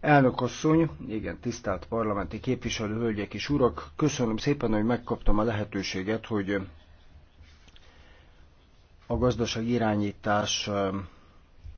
Elnök asszony, igen, tisztelt parlamenti képviselő, hölgyek és urak, köszönöm szépen, hogy megkaptam a lehetőséget, hogy a gazdaság irányítás